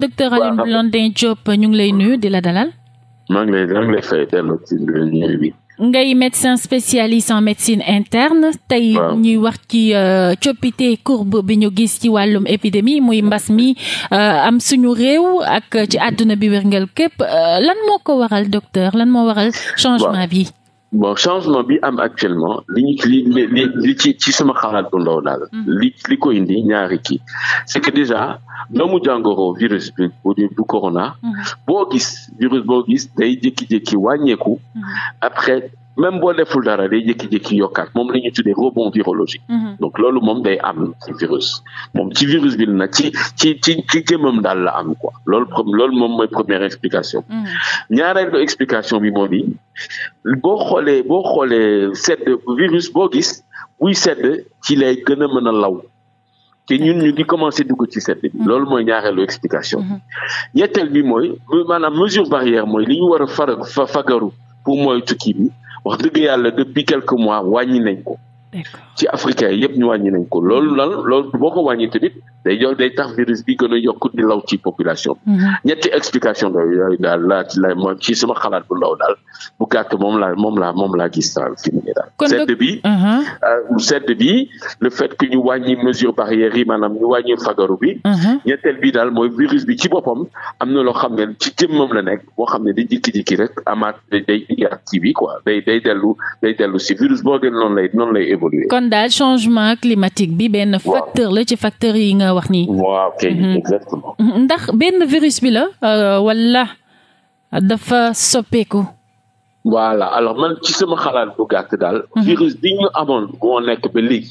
docteur Alioune Blondin Diop ñu ngi lay nuyu di la dalal. maa ngi lay maa ngi lay ngay médecin spécialiste en médecine interne. tey ñuy wax ci euh, coppite courbe bi ñu gis ci wàllum épidémie muy mbas mi euh, am suñu réew ak ci àdduna bi wérngal képp euh, lan moo ko waral docteur lan moo waral changement bi. bon changement bi am actuellement li li li ci ci sama xalaat bu ndaw daal mhm. li li ko indi ñaari kii c'est que na mhm. mu jàngoro virus bi bu corona mhm. boo gis virus boo gis day jékki-jékki wàññeeku après même boo deful dara day jékki-jékki yokkaat moom la ñu tuddee rebond virologique. Mhm. donc loolu moom day am virus. moom ci virus bi nag ci ci ci ci jëmmam daal la am quoi loolu loolu moom mooy première explication. Mhm. ñaareelu explication bi moo di boo xoolee boo xoolee sedd virus boo gis buy ci lay gën a mën a law. te ñun ñu ngi commencé dugg ci sedd bi mhm. loolu mooy ñaareelu explication ñetteel bi mooy maanaam mesure barrière mooy li ñu war a far fagaru pour mooy tukki bi wax dëgg yàlla depuis quelques mois wàññi nañ ko ci africain yëpp ñu wàññi nañ ko loolu lan loolu boo ko wàññi tamit day jox day tax virus bi gën a yokk di law ci population mhm. ñetti explication yooyu daal laa ci la moom ci sama xalaat bu law daal bu gàtt moom la moom laa moom laa gis ne daal sedd bi mhm. euh, sedd bi le fait que ñu wàññi mesure barrières yi maanaam ñu wàññi fagaru bi mhm. ñetteel bi daal mooy virus bi ci boppam am na loo xam ne ci jëmmam la nekk boo xam ne da jikki-jikki rek amaat day day kii bi day day si virus boo gën noonu lay noonu lay évoluer. kon daal changement climatique bi benn facteur la ci facteur yi nga wax ni waaw kay mhm. mhm. ndax benn virus bi la euh, wala dafa soppeeku. voilà alors man ci sama xalaat bu gàtt daal. Mhm. virus bi ñu amoon moo nekk ba léegi.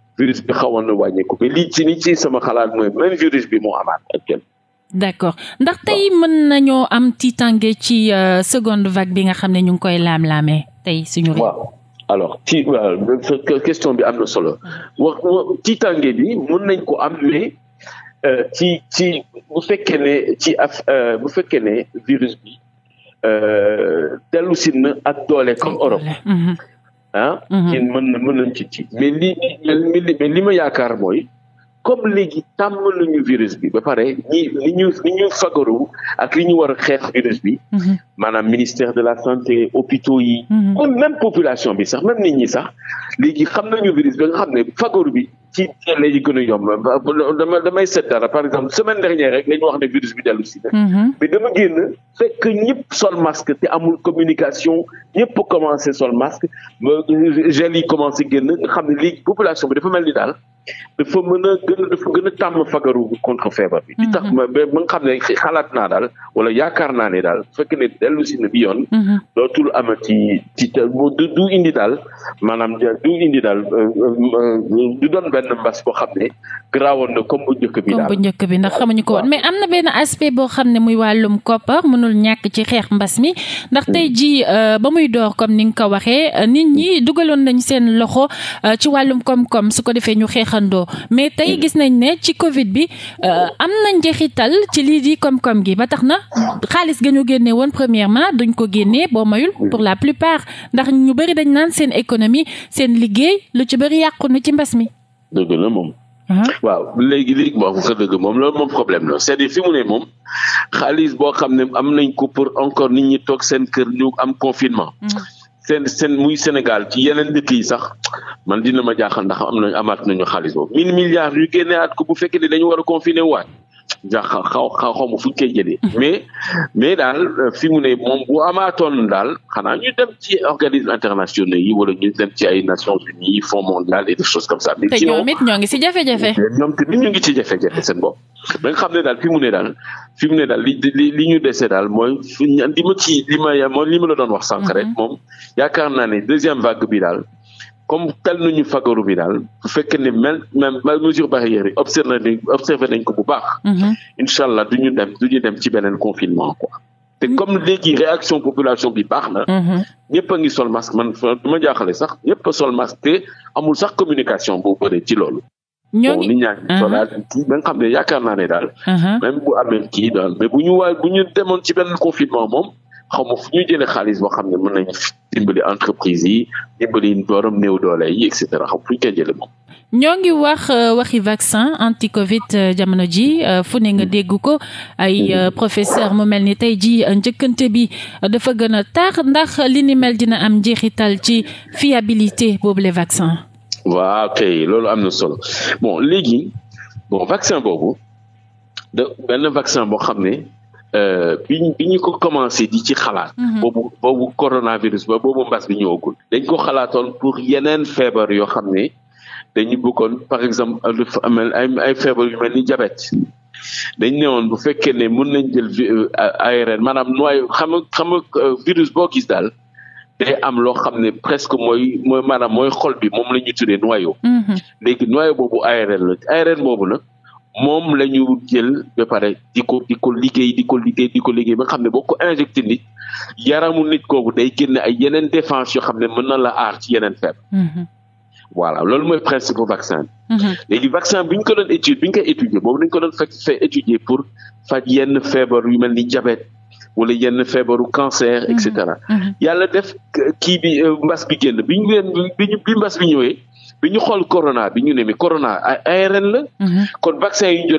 virus bi xawoon na wàññeeku mais lii ci ni ci sama xalaat mooy même virus bi moo amaat actuellement. d'accord ndax tey mën nañoo am tiitange ci euh, seconde vague bi nga xam ne ñu ngi koy laam-laamee tey suñu. waaw alors ci bi am na solo wax bi mën nañ ko am mais euh, ci ci bu fekkee ne ci af euh, bu fekkee ne virus bi dellu si na ak doole comme Europe. Mhm. ah. Mhm. ci mën na mën nañ ci ci mais li mais li ma yaakaar mooy comme léegi tàmm nañu virus bi ba pare li ñu li ñu ak li ñu war a xeex virus bi. Mhm. maanaam ministère de la santé hôpitaux yi. Mhm. kon même population bi sax même nit ñi sax léegi xam nañu virus bi nga xam ne fagaru bi. ci teel yi gën a yomb dama damay seet par exemple semaine dernière rek la ñu wax ne virus bi dellu si na mm-hmm. mais dama génn fekk ñëpp sol masque te amul communication ñëpp commencé sol masque gel yi commencé génn nga xam ne lii population bi dafa mel ni daal dafa mën a gën dafa gën a tàmm fagaru contre feebar bi. di tax mhm. ma ba nga xam ne xalaat naa daal wala yaakaar naa ne daal fekk ne dellu si na bi yoon. Mhm. dootul amati ci du du indi daal maanaam du indi daal euh, euh, du doon benn mbas boo xam ne garaawoon na comme bu njëkk bi daal. comme ndax xamuñu ko woon mais am na benn aspect boo xam ne muy wàllum koppar mënul ñàkk ci xeex mbas mi ndax hmm. tey jii euh, ba muy door comme ni nga ko waxee nit ñi dugaloon nañ seen loxo ci wàllum koom-koom su ko defee ñu xeex. xeexandoo mais tey gis nañ ne ci Covid bi euh, am na njeexital ci lii di koom-koom gi ba tax na xaalis ga ñu génne woon premièrement duñ ko génnee boo mayul pour la plupart ndax ñu bëri dañ naan seen économie seen liggéey lu ci bëri yàqu na ci mbas mi. dëgg la moom. Ah. waaw léegi léegi moo ko dëgg moom loolu moom problème la c'est-à-dire fi mu ne moom xaalis boo xam ne am nañ ko pour encore nit ñi toog seen kër ñu am confinement. Mm. seen seen muy Sénégal ci yeneen dëkk yi sax man dina ma jaaxal ndax am nañu amaat nañu xaalis boobu mille milliards yu génne at ko bu fekkee ne dañu war a confiner waat ja xaw xaw xaw ma fu ñu koy mhm. mais mais daal euh, fi mu ne moom bu amaatoon daal xanaa ñu dem ci organismes internationaux yi wala ñu dem ci ay Nations Unies fonds mondial et des choses comme ça. te ngi ci jafe-jafe. ñoom tamit ñu ngi ci jafe-jafe seen bopp. ba nga xam ne daal fi mu ne daal fi mu ne daal li li li ñu dese daal mooy li ma ci li ma li ma la doon wax sànq rek mhm. moom yaakaar naa ne deuxième vague bi daal. comme tal nañu fagaru bi daal bu fekkee ne même même mesure barrière yi observé nañ observé nañ ko bu baax. Mhm. incha allah du ñu dem du ci beneen confinement quoi. te mhm. comme léegi réaction population bi baax na. Mhm. ñëpp a ngi sol masque man du ma jaaxale sax ñëpp a sol masque te amul sax communication bu bëree ci loolu. ñoo ngi nit ñaa ngi solaat bu amee daal mais bu ñu demoon ci benn confinement moom. xaw fu ñuy jëlee xaalis boo xam ne mën nañu dimbali entreprise yi dimbali borom néew doole yi et cetera fu ñu koy jëlee moom. ñoo ngi wax euh, waxi vaccin anti Covid euh, jamono ji euh, fu ne nga mm. dégg ko ay mm. professeur mu mel ni tey ji njëkkante bi dafa gën a taax ndax li ni mel dina am njeexital ci fiabilité boobu les vaccins. waaw kay loolu am na solo bon léegi vaccin boobu da vaccin boo xam ne. Euh, bi bi ñu ko commencé di ci xalaat. Mhm. boobu boobu coronavirus ba boobu mbas bi ñëwagul. dañ ko xalaatoon pour yeneen feebar yoo xam ne dañu bëggoon par exemple euh, ay ay feebar yu mel ni jabet dañ ne bu fekkee ne mun nañ jël euh, ARN maanaam nooy xam xam virus boo gis daal. day am loo xam ne presque mooy mooy maanaam mooy xol bi moom la ñuy tuddee noyau. Mhm. léegi boobu ARN la ARN boobu nag moom la ñu jël ba pare di ko di ko liggéey di ko liggéey di ko liggéey ba nga xam ne boo ko injecté nit yaramu nit kooku day génne a yeneen défense yoo xam ne mën la aar ci yeneen feebar. Mm-hmm. voilà loolu mooy principe vaccin bi. Mm-hmm. vaccin bi ñu ko doon étudier bi ñu koy étudier boobu dañu ko doon fee étudier pour faj yenn feebar yu mel ni diabète wala yenn feebaru cancer et mm-hmm. yàlla def kii bi euh, mbas bi génn bi ñu bi mbas bi bi ñu xool corona bi ñu ne mi corona ARN la. Mhm. kon vaccin yi ñu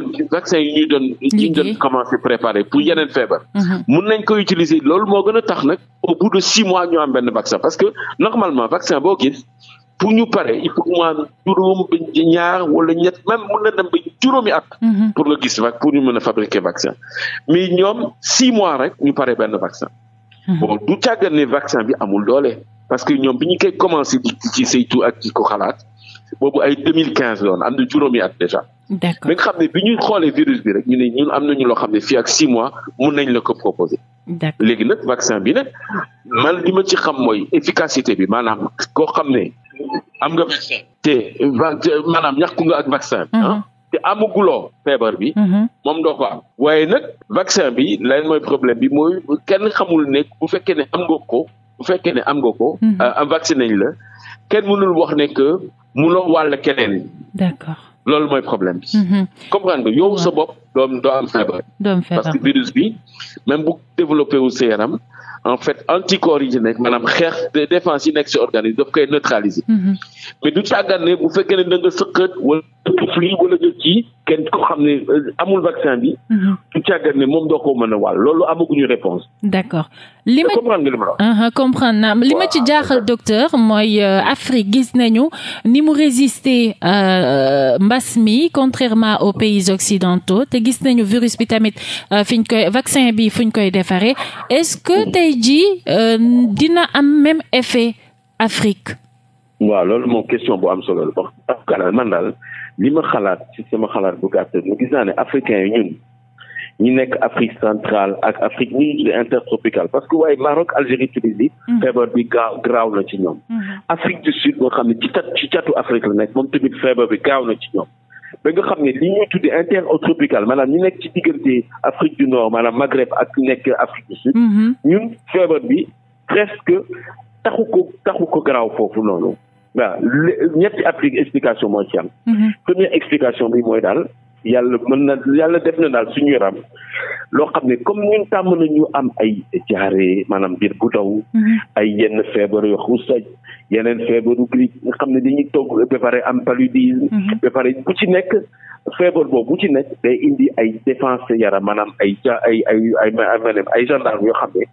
doon vaccin préparer pour yeneen feebar. Mhm. mun nañ ko utiliser loolu moo gën a tax nag o bout de six mois ñu am benn vaccin parce que normalement vaccin boo gis. pour ñu pare il faut que mu am juróom ba ñaar wala ñett même mën na dem ba juróomi at. Mhm. pour nga gis ñu mën a fabriquer vaccin mi ñoom six mois rek ñu pare benn vaccin. bon du càggan ne vaccin bi amul doole parce que ñoom bi ñu koy commencé di ci saytu ak boobu ay 2015 la woon am na juróomi at déjà. d'accord mais xam ne bi ñuy xoolee virus bi rek ñu ne ñun am nañu loo xam ne fi ak 6 mois mun nañ la ko proposer. d'accord léegi nag vaccin bi nag man li ma ci xam mooy efficacité bi maanaam ko xam ne am nga vaccin. te maanaam ñàkku nga ak vaccin bi. Mm-hmm. Ah, te amaguloo feebar bi. Mm-hmm. moom am. waaye nag vaccin bi lan mooy problème bi mooy kenn xamul ne bu fekkee ne am nga ko bu fekkee ne am nga ko. am mm-hmm. ah, vacciné nañ la. kenn mënul wax ne que mënoo wàll keneen. d'accord loolu mooy problème bi. Mhm. comprendre nga yow sa bopp doo doo am feebar. parce que virus bi même bu développé wu sa yaram en fait anticorps yi ci nekk maanaam xeex défense yi nekk ci organisme daf koy neutraliser. Mhm. mais du càggan ne bu fekkee ne da nga sëqat wala fli wala nga kii kenn ko xam ne euh, amul vaccin bi. Mhm. du càggan ne moom doo ko mën a wàll loolu amaguñu réponse. d'accord li ma comprendre nga li ma la wax. Uh-huh, comprendre naa li ma ci docteur mooy euh, Afrique gis nañu ni mu résister euh, mbas mi contrairement aux pays occidentaux te gis nañu virus bi tamit fi koy vaccin bi fu koy defaree est-ce que mm-hmm. tey jii euh, dina am même effet Afrique. waa loolu moom question bu am solo la wax dëgg man daal li ma xalaat ci sama xalaat bu gàtt mu gis naa ne africains yi ñun ñi nekk Afrique centrale ak Afrique ñu ngi tuddee intertropicale parce que waaye Maroc Algérie Tunisie. Mm-hmm. feebar bi gaaw graaw na ci ñoom. Mm-hmm. Afrique du Sud boo xam ne ci tat ci catu Afrique la nekk moom tamit feebar bi gaaw na ci ñoom. ba nga xam ne li ñuy tuddee intertropical maanaam ñu nekk ci diggante Afrique du Nord maanaam Maghreb ak nekk Afrique du Sud. Mm-hmm. ñun feebar bi presque taxu ko taxu ko garaaw foofu noonu. waaw ñetti applique explication moo ci am. Mm-hmm. première explication bi mooy daal yàlla mën na yàlla def na daal suñu yaram loo xam ne comme ñun tàmm nañu am ay jaare maanaam biir bu daw. Mhm. ay yenn feebar yoo xusaj yeneen feebaru grippe nga xam ne dañuy togg ba am paludisme. Mhm. ba pare bu ci nekk feebar boobu bu ci nekk day indi ay défense yaram maanaam ay ja ay ay ay ay gendarme yoo xam ne.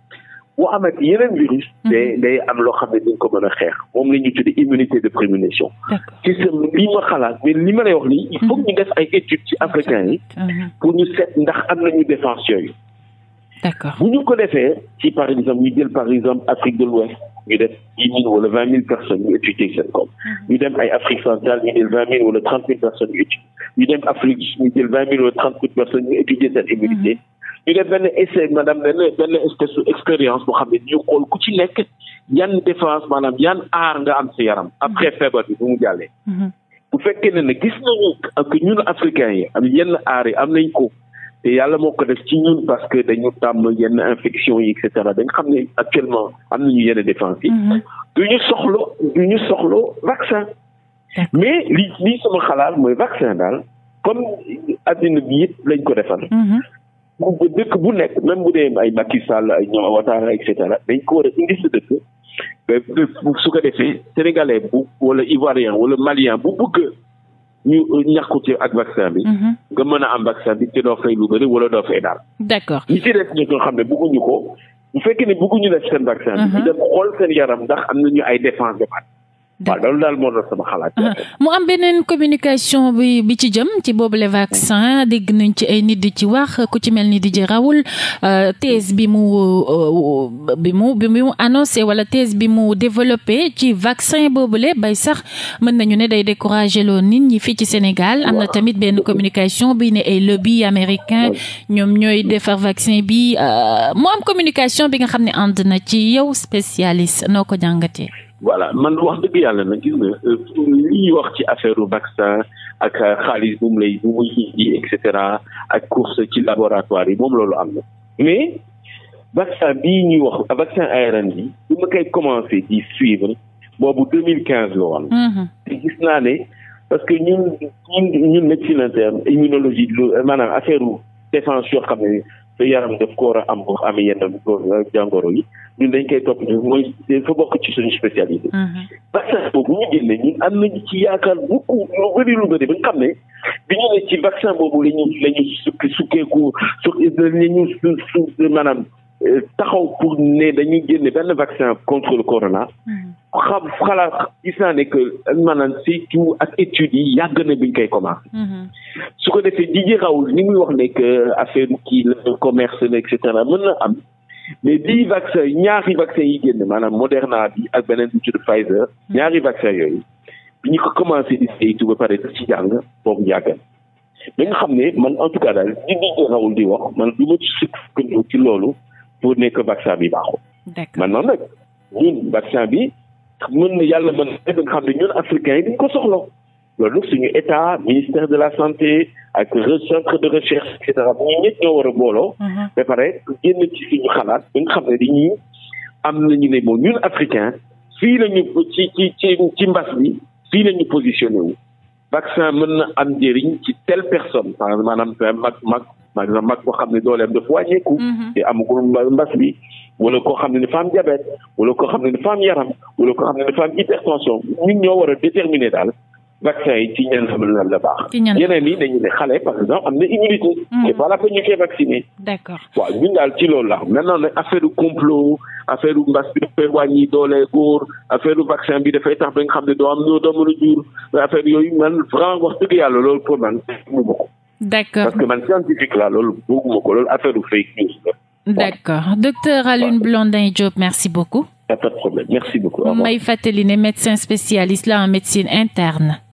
mu amat yeneen virus. Mhm. day day am loo xam ne dañ ko mën a xeex moom la ñuy tuddee immunité de prémunition. ci sa li ma xalaat mais li ma lay wax nii. il faut mhm. ñu def ay études ci africains yi. Mhm. pour ñu seet ndax am nañu défense yooyu. d'accord bu ñu ko defee ci par exemple ñu jël par exemple Afrique de l'Ouest ñu def dix mille wala vingt mille personnes ñu étudier seen koom ñu dem ay Afrique centrale ñu jël vingt vingt mille wala trente mille personnes ñu étudier seen ñu def benn essai maanaam benn benn espèce su expérience boo xam ne ñu xool ku ci nekk yan défense maanaam yan aar nga am si yaram après feebar bi bu mu jàllee mhm. bu fekkee ne ne gis nañu ak ñun africains yi am yenn aar yi am nañ ko te yàlla moo ko def ci ñun parce que dañu tàmm yenn infection yi et cetera dañ xam ne actuellement am nañu yenn défense yi mhm. du ñu soxla du ñu soxla vaccin mais li lii sama xalaat mooy vaccin daal comme addina bi yëpp lañ ko defal mhm. bu dëkk bu nekk même bu dee ay Macky Sall ay ñoom Ouattara et cetera dañ ko war indi sa dëkk su ko defee sénégalais bu wala ivoirien wala malien bu bëgg ñu euh, ñàkku ci ak vaccin bi. Mhm. nga mën a am vaccin bi te doo fay lu bëri wala doo fay daal. d'accord ñi ci des ñoo xam ne bëgguñu ko bu fekkee ne bëgguñu def seen vaccin bi. Mhm. ñu xool seen yaram ndax am nañu ay défense de waaw mu am beneen communication bi bi ci jëm ci boobule vaccin dégg nañ ci ay nit di ci wax ku ci mel ni di Raoult euh, thèse bi mu euh, bi mu bi mu annoncé wala thèse bi mu développé ci vaccin boobule bay sax mën nañu ne day découragé loo nit ñi fii ci Sénégal. am na tamit benn communication bi ni ay lobby américain ñoom ñooy defar vaccin bi euh, mu am communication bi nga xam ne ànd na ci yow spécialiste noo ko jàngatee. voilà man wax dëgg yàlla nag gis nga euh, lii wax ci affaire vaccin ak xaalis bu mu lay bu muy indi ak course ci laboratoire yi moom loolu am na mais vaccin bii ñuy wax vaccin ARN bi bu ma koy commencé di suivre boobu deux mille quinze la woon mhm. te gis naa ne parce que ñun ñun ñun médecine interne immunologie lu maanaam affaire u défense yoo xam ne sa yaram daf ko war a am boo amee yenn jàngoro yi ñun dañ koy topp mooy dafa bokk ci suñu spécialité. vaccin mhm. boobu ñu génne ñun am nañu ci yaakaar beaucoup lu bëri lu bëri ba nga xam ne bi ñu ne ci vaccin boobu la ñu la ñu sukk sukkeeku su la ñu su maanaam euh, taxaw pour ne dañuy génne benn vaccin contre corona. Mhm. xam xalaat gis naa ne que maanaam surtout ak études yi yàgg na biñ koy commencé. Mhm. su mën na am. mais bii vaccin ñaari vaccin yi génn maanaam Moderna bi ak beneen bu tudd Pfizer mm. ñaari vaccin yooyu bi ñu ko commencé di saytu ba pare ci jàng boobu yàggal ba xam ne man en tout cas daal li di rawul di wax man du ma ci sukkandiku ci loolu pour nekk vaccin bi baaxul. d'accord man noonu nag ñun vaccin bi mën na yàlla mën na nga xam ne ñun africains yi dañ ko soxla. loolu nag suñu état ministère de la santé ak centre de recherche et cetera bu ñoo war a booloo. Mhm. ba pare génn ci suñu xalaat bi nga xam ne dañuy am nañu ne moom ñun africain fii lañu ñu ci ci ci ci mbas bi fii la ñu positionné wu. vaccin mën na am njëriñ ci tel personne maanaam mag mag maanaam mag koo xam ne dooleem dafa wàññeeku. Mhm. te amagul mbas bi. wala koo xam ne dafa am diabète wala koo xam ne dafa am yaram wala koo xam ne dafa am hypertension ñun ñoo war a déterminer vaccin yi ci ñenn xamal la baax. yeneen yi dañu ne xale par exemple am na immunité. Hmm. c'est pas la peine ñu koy vacciner. d'accord waaw ñun daal ci loolu la maintenant nag affaire du complot affaire du mbas bi dafay wàññi doole góor affaire du vaccin bi dafay tax ba nga xam ne doo am doo a jur affaire yooyu man vraiment wax dëgg yàlla loolu pour man mu ma ko. d'accord parce que man scientifique la loolu bëgguma ko loolu affaire du fake news la. d'accord docteur Alioune Blondin Diop merci beaucoup. Y a pas de problème merci beaucoup. May Fateline médecin spécialiste la en médecine